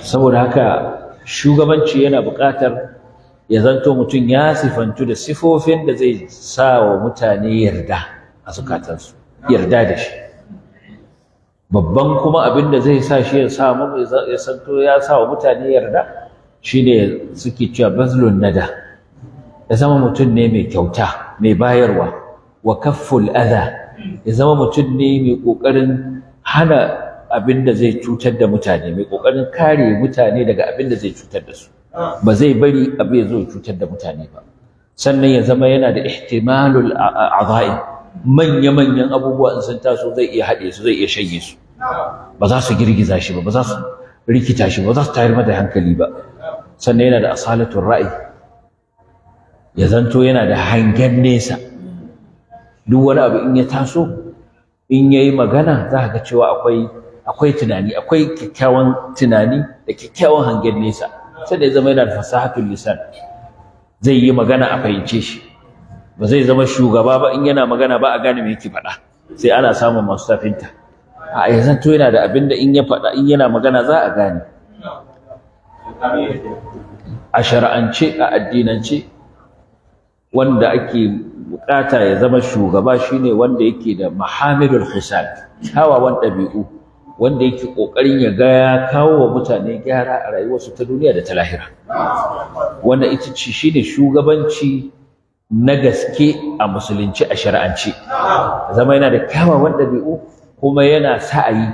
saboda haka shugabanci yana buƙatar ya zanto mutum ya sifantu da sifofin da zai sa wa mutane yarda a zukatansu yarda da shi babban kuma abin da zai sa shi ya samu ya santo ya sa wa mutane yarda shine suke cewa bazlun nada ya zama mutum ne mai kyauta mai bayarwa wa kafful adha ya zama mutum ne mai ƙoƙarin hana abin da zai cutar da mutane mai kokarin kare mutane daga abin da zai cutar da su ba zai bari abu ya zo cutar da mutane ba sannan ya zama yana da ihtimalul azai manya manyan abubuwa in sun taso zai iya haɗe su zai iya shanye su ba za su girgiza shi ba ba za su rikita shi ba za su tayar mata hankali ba sannan yana da asalatul ra'ayi ya zanto yana da hangen nesa duk wani abu in ya taso in yayi magana za ka ga cewa akwai akwai tunani akwai kyakkyawan tunani da kyakkyawan hangen nesa sai da ya zama yana da fasahatul lisan zai yi magana a fahimce shi ba zai zama shugaba ba in yana magana ba a gane me yake faɗa sai ana samun masu tafinta a yanzu to yana da abinda in ya faɗa in yana magana za a gane a shara'ance a addinance wanda ake bukata ya zama shugaba shine wanda yake da mahamilul khisal kyawawan ɗabi'u wanda yake ƙoƙarin ya ga ya kawo wa mutane gyara a rayuwarsu ta duniya da ta lahira wanda ita ce shine shugabanci na gaske a musulunci a shari'ance, zama yana da kyawawan ɗabi'u kuma yana sa'ayi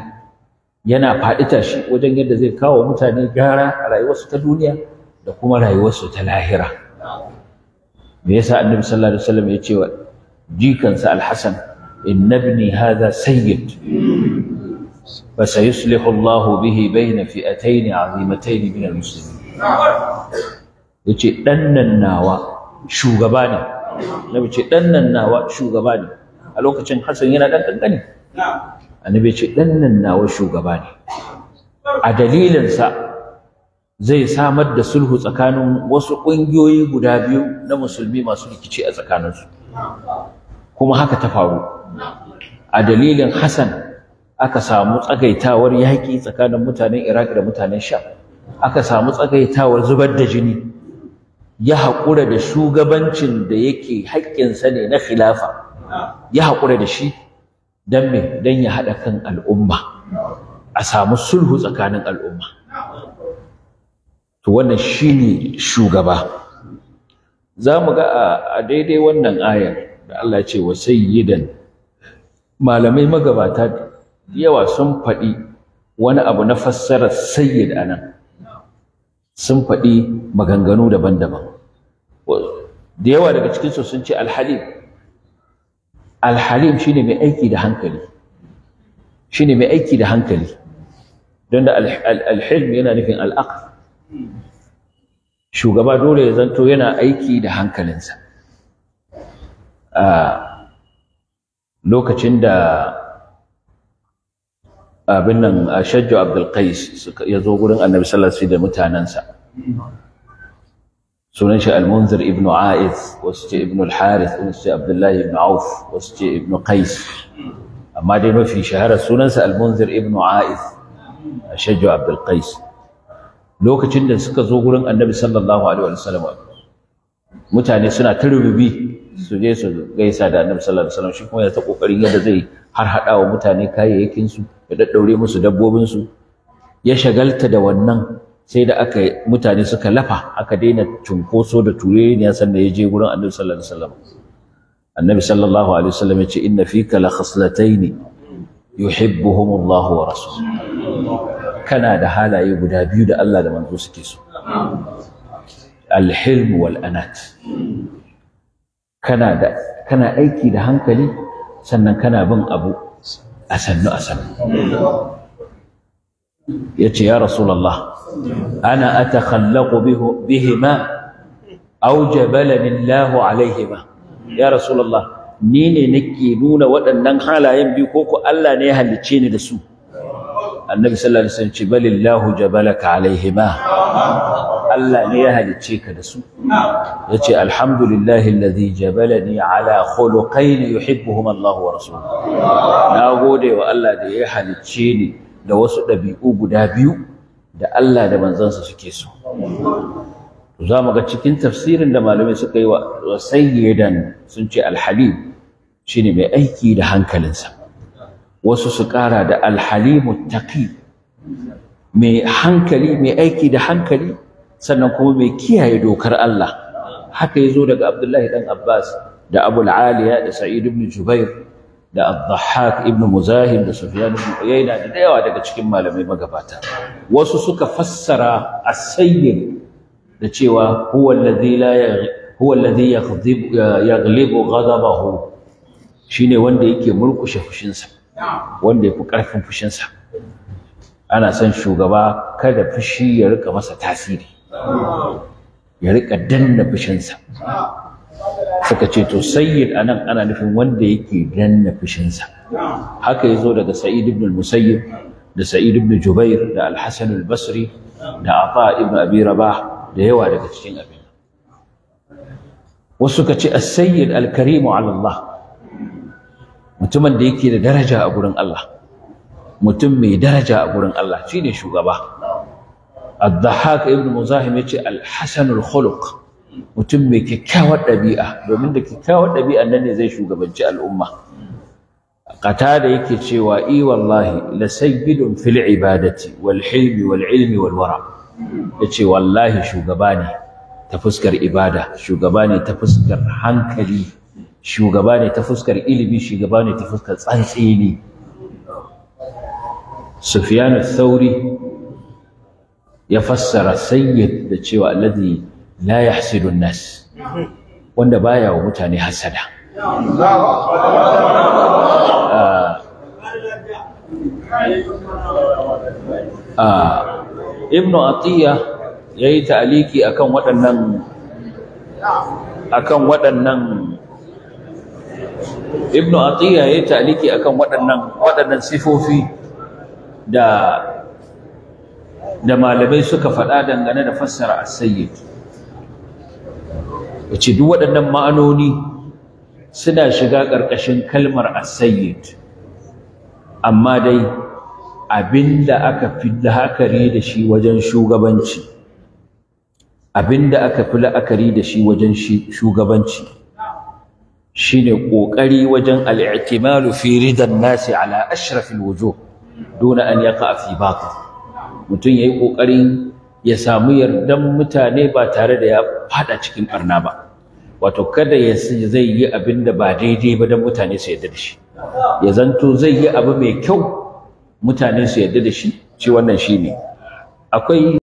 yana faɗi tashi wajen yadda zai kawo mutane gyara a rayuwarsu ta duniya da kuma rayuwarsu ta lahira me yasa annabi sallallahu alaihi wasallam ya ce wa jikansa alhasan inna ibni hadha sayyid فسيصلح الله به بين فئتين عظيمتين من المسلمين yace dan nan nawa shugaba ne annabi ce dan nan nawa shugaba ne a lokacin Hassan yana dan kankani annabi ce dan nan nawa shugaba ne a dalilin sa zai samar da sulhu tsakanin wasu kungiyoyi guda biyu na musulmi masu rikici a tsakaninsu kuma haka ta faru a dalilin Hassan aka samu tsagaitawar yaƙi tsakanin mutanen Iraq da mutanen Sham aka samu tsagaitawar zubar da jini ya haƙura da shugabancin da yake haƙƙinsa ne na khilafa ya haƙura da shi don me don ya haɗa kan al'umma a samu sulhu tsakanin al'umma to wannan shine shugaba za mu ga a daidai wannan ayar da Allah ce wa sayyidan malamai magabata yawa sun faɗi wani abu na fassarar sayyid anan sun faɗi maganganu daban-daban da yawa daga cikin sun ce alhalim alhalim shine mai aiki da hankali shine mai aiki da hankali don da alhalim yana nufin al'aql shugaba dole ya zanto yana aiki da hankalinsa a ah, lokacin da abin nan shajju abdul qais ya zo gurin annabi sallallahu alaihi da mutanansa sunan shi al-munzir ibnu aiz wasu ce ibnu al-harith wasu ce abdullahi ibnu auf wasu ce ibnu qais amma dai mafi shahara sunansa al-munzir ibnu aiz shajju abdul qais lokacin da suka zo gurin annabi sallallahu alaihi wasallam mutane suna ta rububi su je su gaisa da annabi sallallahu alaihi wasallam shi kuma ya ta kokarin yadda zai har hada wa mutane kayayyakin su ya daddaure musu dabbobinsu ya shagalta da wannan sai da aka mutane suka lafa aka daina cunkoso da ture ne san da ya je gurin annabi sallallahu alaihi wasallam annabi sallallahu alaihi wasallam ya ce inna fika la khaslatayn yuhibbuhumullahu wa rasuluhu kana da halaye guda biyu da Allah da manzo suke so alhilm wal anat kana da kana aiki da hankali sannan kana bin abu a sannu a sannu ya ce ya rasulallah ana atakhallaku bihima aw jabalani ya rasulallah nine ne nake nuna waɗannan halayen biyu ko ko Allah ne ya halicce ni da su annabi sallallahu alaihi wasallam ce balillahu jabalaka alaihima Allah ne ya halicce ka da su ce alhamdulillahi alladhi jabalani ala khuluqain yuhibbuhum Allah wa rasuluhu gode wa Allah da ya halicce ni da wasu dabi'u guda biyu da Allah da manzansa suke so za mu ga cikin tafsirin da malamai suka yi wa sayyidan sun ce alhalim shine mai aiki da hankalinsa wasu su ƙara da alhalimu taqi mai hankali mai aiki da hankali sannan kuma mai kiyaye dokar Allah haka yazo daga Abdullahi dan Abbas da Abu aliya da Sa'id ibn Jubair da Ad-Dhahhak ibn Muzahim da Sufyan ibn Uyayna da yawa daga cikin malamai magabata wasu suka fassara as-sayyid da cewa huwa alladhi la huwa alladhi yaghlibu ghadabahu shine wanda yake murkushe fushinsa wanda yafi karfin fushinsa ana son shugaba kada fushi ya rika masa tasiri ya rika danna fushinsa suka ce to sayyid anan ana nufin wanda yake danna fushinsa haka ya zo daga sa'id ibn musayyib da sa'id ibn jubair da al-hasan al-basri da ata ibn abi rabah da yawa daga cikin abin wasu ka ce as-sayyid al-karimu ala Allah mutumin da yake da daraja a gurin Allah mutum mai daraja a gurin Allah shine shugaba al-dhahak ibn muzahim yace al-hasanul khuluq mutum mai kyakkyawar ɗabi'a domin da kyakkyawar ɗabi'a nan ne zai shugabanci al'umma kata da yake cewa i wallahi la sayyidun fil ibadati wal hilmi wal ilmi wal wara yace wallahi shugaba ne ta fuskar ibada shugaba ta fuskar hankali shugaba ta fuskar ilimi shugaba ta fuskar tsantsini Sufyan al-Thawri ya fassara sayyid da cewa alladhi la yahsidu nas wanda baya wa mutane hasada ah, ah, ibnu atiya yayi ta'liki akan waɗannan akan waɗannan ibnu atiya yayi ta'liki akan waɗannan waɗannan sifofi da da malamai suka faɗa dangane da fassara asayyid sayyid wace duk waɗannan ma'anoni suna shiga ƙarƙashin kalmar asayyid sayyid amma dai abinda aka fi la'akari da shi wajen shugabanci abinda aka fi la'akari da shi wajen shugabanci shine ƙoƙari wajen al-i'timalu fi ridan nasi ala ashrafil wujuh duna an yaqa fi batil mutum ya yi ƙoƙari, ya samu yardan mutane ba tare da ya fada cikin barna ba wato kada ya zai yi abin da ba daidai ba dan mutane su yarda da shi ya zanto zai yi abu mai kyau mutane su yarda da shi shi wannan shine akwai